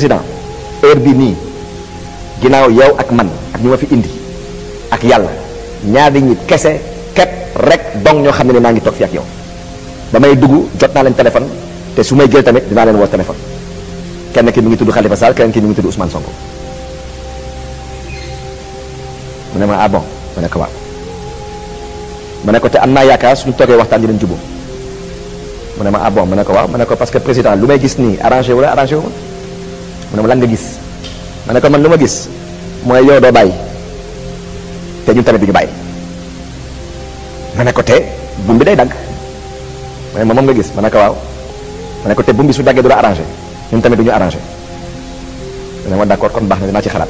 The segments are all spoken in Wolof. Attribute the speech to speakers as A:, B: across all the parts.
A: président heure bi nii ginaaw yow ak man ak ñu ma fi indi ak yàlla ñaari nit kese képp rek dong ñoo xam ne maa ngi toog fi ak yow ba may dugg jot naa leen téléphone te su may jël tamit dinaa leen woo téléphone kenn ki mu ngi tudd Khalifa Sall kenn ki mu ngi tudd Ousmane Sonko mu ne ma ah bon ma ne ko waaw ma ne ko te am naa yaakaar suñu toogee waxtaan dinañ jubóo mu ne ma ah bon ne ko waaw ma ne ko parce que président lu may gis nii arrangé wu mu ne ma lan nga gis ma ne ko man lu ma gis mooy yow doo bàyyi te ñun tamit du ñu bàyyi ma ne ko te buum bi day dagg ma ne ma moom nga gis ma ne ko waaw ma ne ko te buum su daggee du la arrangé ñun tamit du ñu arrangé ma ne ma d'accord kon baax na dinaa ci xalaat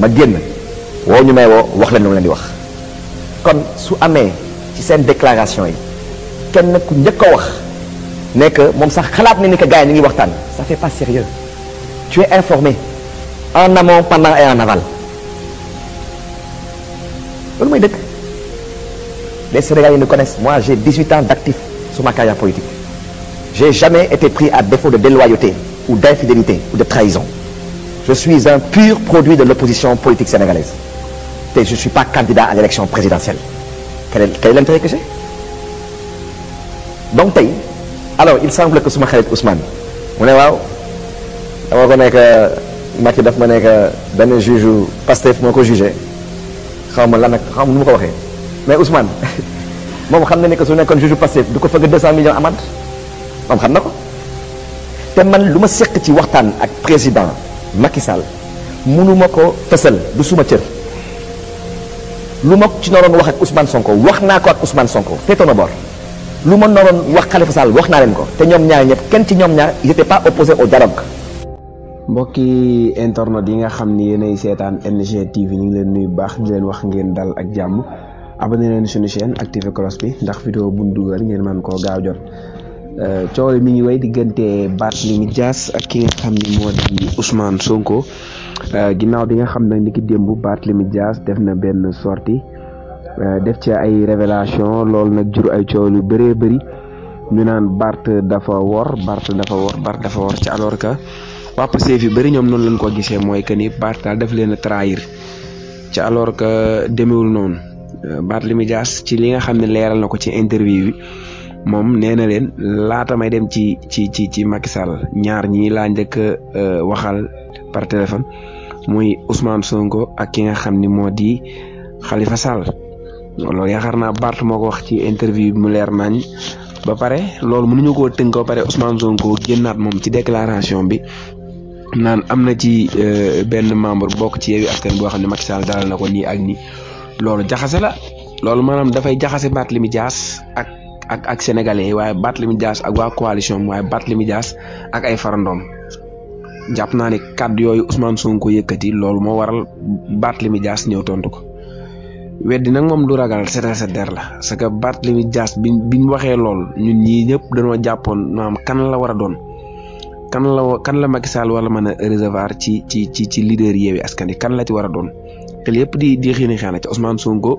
A: ma génn woo ñu may woo wax leen lu ma leen di wax kon su amee ci seen déclaration yi kenn ku njëkk a wax nekk que moom sax xalaat na ni que gars ñu ngi waxtaan ça fait pas sérieux tu es informé en amont pendant et en aval loolu mooy dëkk les Sénégalais me connaissent moi j'ai 18 ans d'actif sur ma carrière politique j'ai jamais été pris à défaut de déloyauté ou d'infidélité ou de trahison je suis un pur produit de l'opposition politique sénégalaise te je suis pas candidat à l'élection présidentielle quel est, quel est l'intérêt que j'ai donc tey alors il semble que suma xarit Ousmane mu ne waaw dama ko nekk Macky daf ma nekk benn juge Pastef moo ko jugé xaw ma la nag xaw ma nu ma ko waxee mais Ousmane moom xam na ne que su nekkoon juge Pastef du ko fëgg 200 millions amande moom xam na ko te man lu ma seq ci waxtaan ak président Macky Sall mënu ma ko fësal du suma cër lu ma ci noroon wax ak Ousmane Sonko wax naa ko ak Ousmane Sonko féetoo na bor lu ma noroon wax Khalifa Sall wax naa leen ko te ñoom ñaar ñëpp kenn ci ñoom ñaar il n'était pas opposé
B: mbokki internet yi nga xam ni yéenay seetaan NG TV ñu ngi leen nuyu baax di leen wax ngeen dal ak jàmm abonné leen suñu chaîne activé cloche ndax vidéo bu ñu ngeen mën koo gaaw jot euh, coow mi ngi way diggante Barthélémy Dias ak ki nga xam ni moo di Ousmane Sonko euh, ginnaaw bi nga xam nag ni ki démb Barthélémy Dias def na benn sorti euh, def ci ay révélation loolu nag jur ay coow yu bëree bëri ñu naan Barth dafa wor Barth dafa wor Barth dafa ci alors ka waa Pastef yu bëri ñoom noonu lañ ko gisee mooy que ni Barth daal daf leen a ci alors que demewul noonu euh, Barthélémy Dias ci li nga xam ne leeral na ko ci interview bi moom nee na leen laata may dem ci ci ci ci Macky Sall ñaar ñii laa njëkk euh, waxal par téléphone muy Ousmane Sonko ak ki nga xam ni moo di Khalifa Sall loolu yaakaar naa Barth moo ko wax ci interview bi mu leer nañ ba pare loolu ñu koo tënk ba pare Ousmane Sonko naat moom ci déclaration bi naan am na ci euh, benn membre bokk ci Yewwi Askan boo xam ne Macky Sall dalal na ko nii ak nii loolu jaxase la loolu maanaam dafay jaxase Barthélémy Dias ak ak ak sénégalais waaye Barthélémy Dias ak waa coalition waaye Barthélémy Dias ak ay farandoom jàpp naa ne kàddu yooyu Ousmane Sonko yëkkati loolu moo waral Barthélémy Dias ñëw tontu ko weddi nag moom du ragal setal sa der la parce que Barthélémy Dias bi biñ waxee lool ñun ñii ñëpp dañoo jàppoon maanaam kan la war a doon. kan la kan la Macky Sall war a mën a ci ci ci ci leader Yewwi Askan Wi kan la ci war a doon te lépp di di xiini xeena ci Ousmane Sonko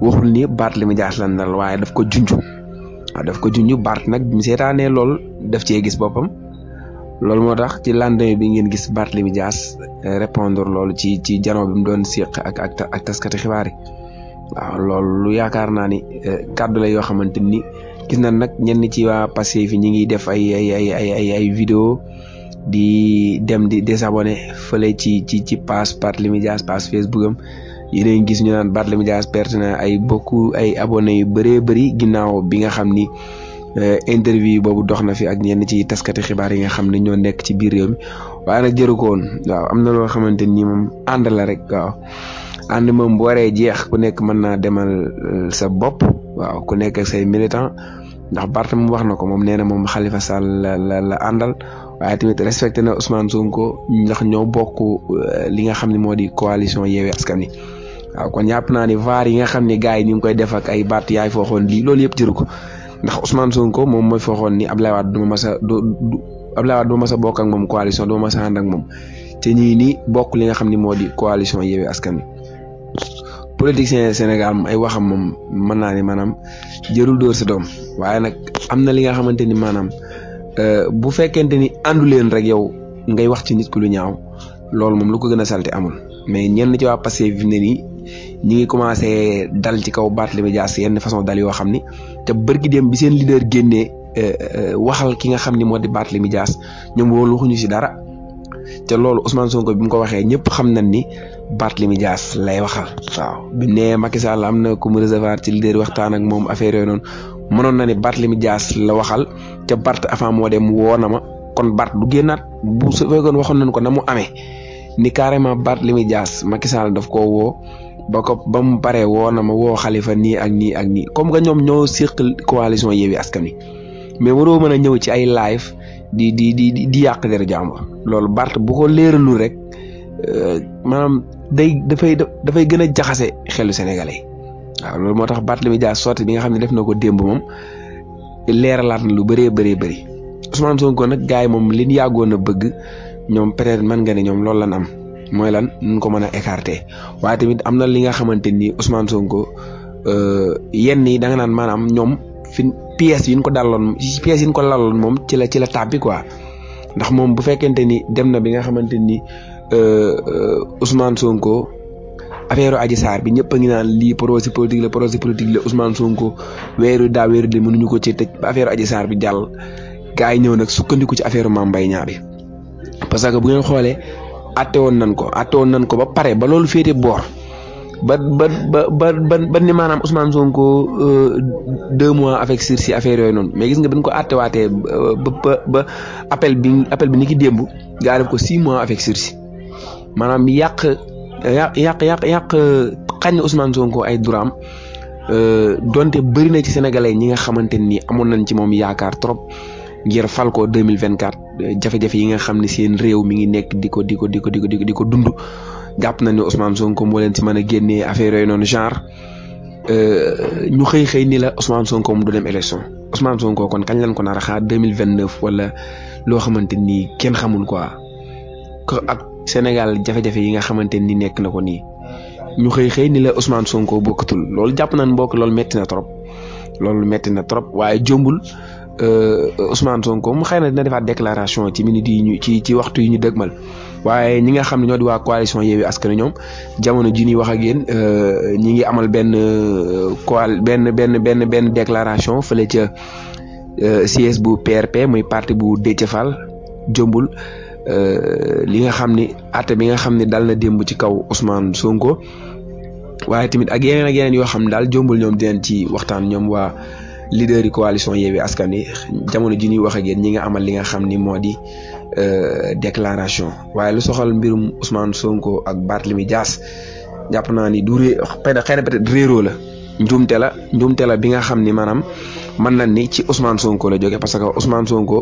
B: waxul ni baat li mu jaas lan dal waaye daf ko junj waaw daf ko junj baat nag bi seetaane seetaanee lool daf cee gis boppam loolu moo tax ci lendemain bi ngeen gis baat Barthélémy jaas euh, répondre loolu ci ci janoo bi doon séq ak ak ak taskati xibaar yi waaw loolu yaakaar naa ni euh, kàddu la yoo xamante ni gis na nag ñenn ci waa Pastef yi ñi ngi def ay ay ay ay ay ay vidéo di dem di désabonné fële ci ci ci page Barthélémy Dias page Facebook am gis ñu naan Barthélémy Dias perte na ay beaucoup ay abonnés yu bëree bëri ginnaaw bi nga xam ni euh, interview boobu dox na fi ak ñenn ci taskati xibaar yi nga xam ne ñoo nekk ci biir réew mi waaye nag jëru ko waaw am na loo xamante nii moom ànd la rek waaw ànd moom bu waree jeex ku nekk mën naa demal euh, sa bopp waaw ku nekk say militant ndax Barth moom wax na ko moom nee na moom Khalifa Sall la la la àndal waaye respecté na Ousmane Sonko ndax ñoo bokk euh, li nga xam ni moo di coalition Yewwi Askan Wi waaw kon yàpp naa ne vaar yi nga xam ni gars yi ñu ngi koy def ak ay Barth yaay fooxoon lii loolu yëpp jëru ko ndax Ousmane Sonko moom mooy fooxoon ni Abdoulaye Wade duma mas a du Abdoulaye Wade duma a bokk ak moom coalition duma mas a ànd ak moom te ñii nii bokk li nga xam ni moo di coalition Yewwi Askan Wi politicien Sénégal ay waxam moom mën naa ni maanaam jërul dóor si doom waaye nag am na li nga xamante ni maanaam euh, bu fekkente ni àndu leen rek yow ngay wax ci nit ku lu ñaaw loolu moom lu ko gën a salte amul mais ñenn ci waa Pastef fi ne nii ñi ngi commencé dal ci kaw baat li ma jaas yenn façon dal yoo xam ni te bërki dem bi seen leader génnee euh, euh, waxal ki nga xam ni moo di baat li mi jaas ñoom loolu waxuñu si dara te loolu Ousmane Sonko bi mu ko waxee ñëpp xam nañ ni Barthélemy Dias lay waxal waaw bi nee Macky Sall am na ku mu recevoir ci leader waxtaan moom affaire yooyu noonu mënoon na ni Barthélemy Dias la waxal ca Barth avant moo dem woo na ma kon Barth du génnaat bu su fekkoon waxoon nañ ko na mu amee ni carrément Barthélemy Dias Macky Sall def ko woo ba ko ba mu baree woo na ma woo xalifa nii ak nii ak nii comme que ñoom ñoo seqal coalition Yewwi Askan Wi mais waroo mën a ñëw ci ay live di di di di yàq der jàmbur loolu Barth Euh, maanaam day dafay dafay gën a jaxase xelu sénégalais waaw loolu moo tax Barthélémy Dias sotti bi nga xam ne def na ko démb moom leeralaat na lu bëree bëree bëri Ousmane Sonko nag gars yi moom li ñu yàggoon a bëgg ñoom peut man nga ne ñoom loolu lan am mooy lan nu ko mën a écarter waaye tamit am na li nga xamante ni Ousmane Sonko euh, yenn yi da naan maanaam ñoom fi pièces yi ko daloon pièces yi ko laloon moom ci la ci la tàbbi quoi ndax moom bu fekkente ni dem na bi nga xamante ni. Euh, euh, Ousmane Sonko affaire Adji Sarr bi ñëpp a ngi naan lii projet politique la projet politique la Ousmane Sonko weeru daa weeru de mënuñu ko ci tëj ba affaire Adji Sarr bi jàll gars ñëw nag sukkandiku ci affaire Mame Mbaye Niang parce que bu ngeen xoolee atte woon nañ ko atte woon nañ ko ba pare ba loolu féete boor ba ba ba ba ba ni maanaam Ousmane Sonko euh, deux mois avec sursis affaire yooyu noonu mais gis nga bi ñu ko attewaatee ba ba appel bi appel bi ni ki démb gaa def ko six mois avec sursis maanaam yàq yàq yàq yàq yàq xañ Ousmane Sonko ay duraam euh, donte bëri na ci sénégalais ñi nga xamante ni amoon nañ ci moom yaakaar trop ngir fal ko 2024 euh, jafe-jafe yi nga xam ne seen réew mi ngi nekk di ko di ko di ko di ko di ko dund jàpp na ne Ousmane Sonko moo leen si mën a génnee affaire yooyu noonu genre euh, ñu xëy xëy ni la Ousmane Sonko mu du dem élection Ousmane Sonko kon kañ lañ ko nar a xaar 2029 wala loo xamante ni kenn xamul quoi ak. Sénégal jafe-jafe yi nga xamante ni nekk na ko nii ñu xëy xëy ni la Ousmane Sonko bokkatul loolu jàpp nañ mbokk loolu metti na trop loolu metti na trop waaye jombul euh, Ousmane Sonko mu xëy na dina defaat déclaration ci minute yi ñu ci ci waxtu yi ñu dëgmal waaye ñi nga xam ne ñoo di waa coalition Yewwi Askan Wi ñoom jamono ji ñuy wax ak yéen euh, ñi ngi amal benn euh, coal benn benn benn benn déclaration fële ca siège bu PRP mooy parti bu Déthié Fall Euh, li nga xam ni àtte bi nga xam ni daal na démb ci kaw Ousmane Sonko waaye tamit ak yeneen ak yeneen yoo xam ne daal jombul ñoom dinañ ci waxtaan ñoom waa leader yi coalition Yewwi Askan Wi jamono ji ñuy wax ak ñi nga amal li nga xam ni moo di euh, déclaration waaye lu soxal mbirum Ousmane Sonko ak baat Barthélemy jaas jàpp naa ni du ré xëy la njuumte la njuumte bi nga xam ni maanaam mën na ni ci Ousmane Sonko la jóge parce que Ousmane Sonko.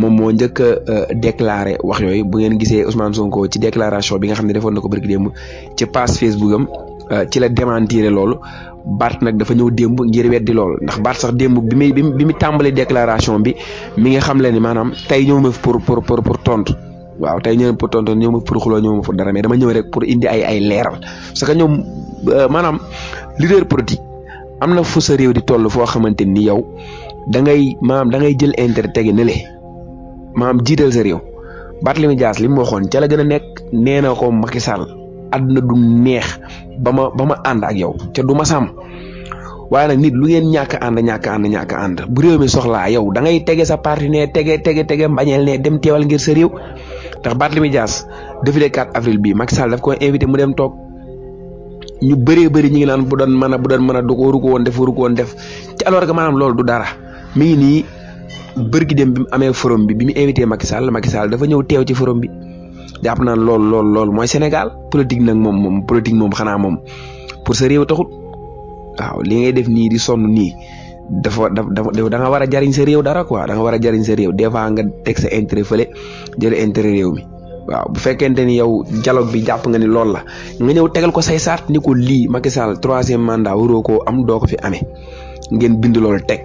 B: moom moo njëkk a euh, déclaré wax yooyu bu ngeen gisee Ousmane Sonko ci déclaration bi nga xam ne defoon na ko barki démb ci page Facebook am euh, ci la démentiré loolu Bart nag dafa ñëw démb ngir weddi loolu ndax Bart sax démb bi muy bi mu tàmbalee déclaration bi mi nga xam leen ne maanaam tey ñëw ma pour pour pour pour tontu. waaw tey ñëw pour tonton ñëw ma pour xuloo ñëw ma pour dara mais dama ñëw rek pour indi ay ay leeral parce que ñoom euh, maanaam leader politique am na fu sa réew di toll foo xamante ni yow da ngay maanaam da ngay jël intérêt tegi ne le maanaam jiital sa réew Barthélemy Dias li mu waxoon ca la a nekk nee na ko Macky Sall àdduna du neex ba ma ba ma ànd ak yow te du ma sàmm waaye nag nit lu ngeen ñàkk ànd ñàkk ànd ñàkk ànd bu réew mi soxlaa yow da ngay tege sa parti ne tege tege tege mbañeel ne dem teewal ngir sa réew ndax Barthélemy Dias défilé 4 avril bii Macky Sall daf ko invité mu dem toog ñu bëree bëri ñu ngi naan bu doon mën a bu doon mën a du ko waru ko woon def def ci alors que loolu du dara mi nii bërgi dem bi mu amee forum bi bi mu invité Macky Sall Macky dafa ñëw teew ci forum bi jàpp na lool lool lool mooy Sénégal politique nag moom moom politique moom xanaa moom pour sa réew taxut waaw li ngay def nii di sonn nii dafa dafa da nga war a jariñ sa réew dara ko danga nga war a jariñ sa réew des fois nga teg sa intérêt fële jëlee intérêt réew mi waaw bu fekkente ni yow dialogue bi jàpp nga ni loolu la nga ñëw tegal ko say saat ni ko lii Macky Sall troisième mandat waroo koo am doo ko fi amee. ngeen bind loolu teg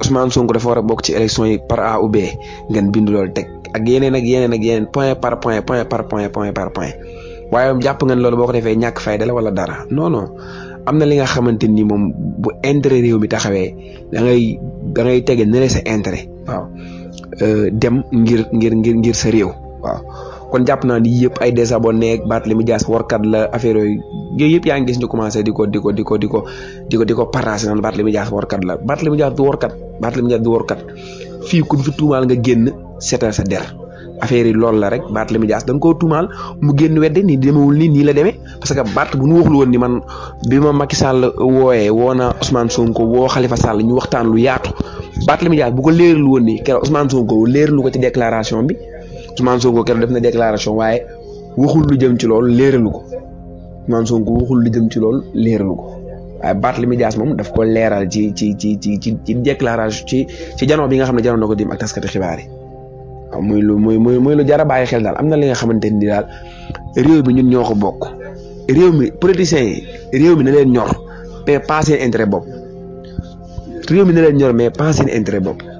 B: Ousmane Sonko dafa war a bokk ci élection yi par A ou ngeen bind loolu teg ak yeneen ak yeneen ak yeneen point par point point par point point par point waaye jàpp ngeen loolu boo ko defee ñàkk fayda la wala dara non non am na li nga xamante ni moom bu intérêt réew mi taxawee da ngay da ngay tege ne sa intérêt waaw euh, dem ngir ngir ngir ngir sa réew waaw. kon jàpp naa ni yëpp ay désabonné ak Barthélémy Dias warkat la affaire yooyu yooyu yëpp yaa ngi gis ñu commencé di ko di ko diko ko di ko ko di ko partage naan Barthélémy Dias warkat la Barthélémy Dias du warkat Barthélémy fii kuñ fi tuumaal nga génn seetal sa der affaire yi loolu la rek Barthélémy Dias da nga koo tuumaal mu génn wedde nii demewul nii nii la deme parce que baat bu ñu waxul woon ni man bi ma Macky Sall wooyee woo na Ousmane Sonko woo Khalifa Sall ñu waxtaan lu yaatu Barthélémy Dias bu ko léerlu woon ni keroog Ousmane Sonko léerlu ko ci déclaration bi Ousmane Sonko keroog def na déclaration waaye waxul lu jëm ci loolu leeralu ko Ousmane Sonko waxul lu jëm ci loolu leeralu ko waaye Barthélémy Dias moom daf ko leeral ci ci ci ci ci ci déclaration ci ci janoo bi nga xam ne janoo na ko jëm ak taskati xibaar yi muy lu muy muy muy lu jar bàyyi xel daal am na li nga xamante ni daal réew mi ñun ñoo ko bokk réew mi politiciens yi réew mi na leen ñor mais pas seen intérêt bopp réew na leen mais pas seen intérêt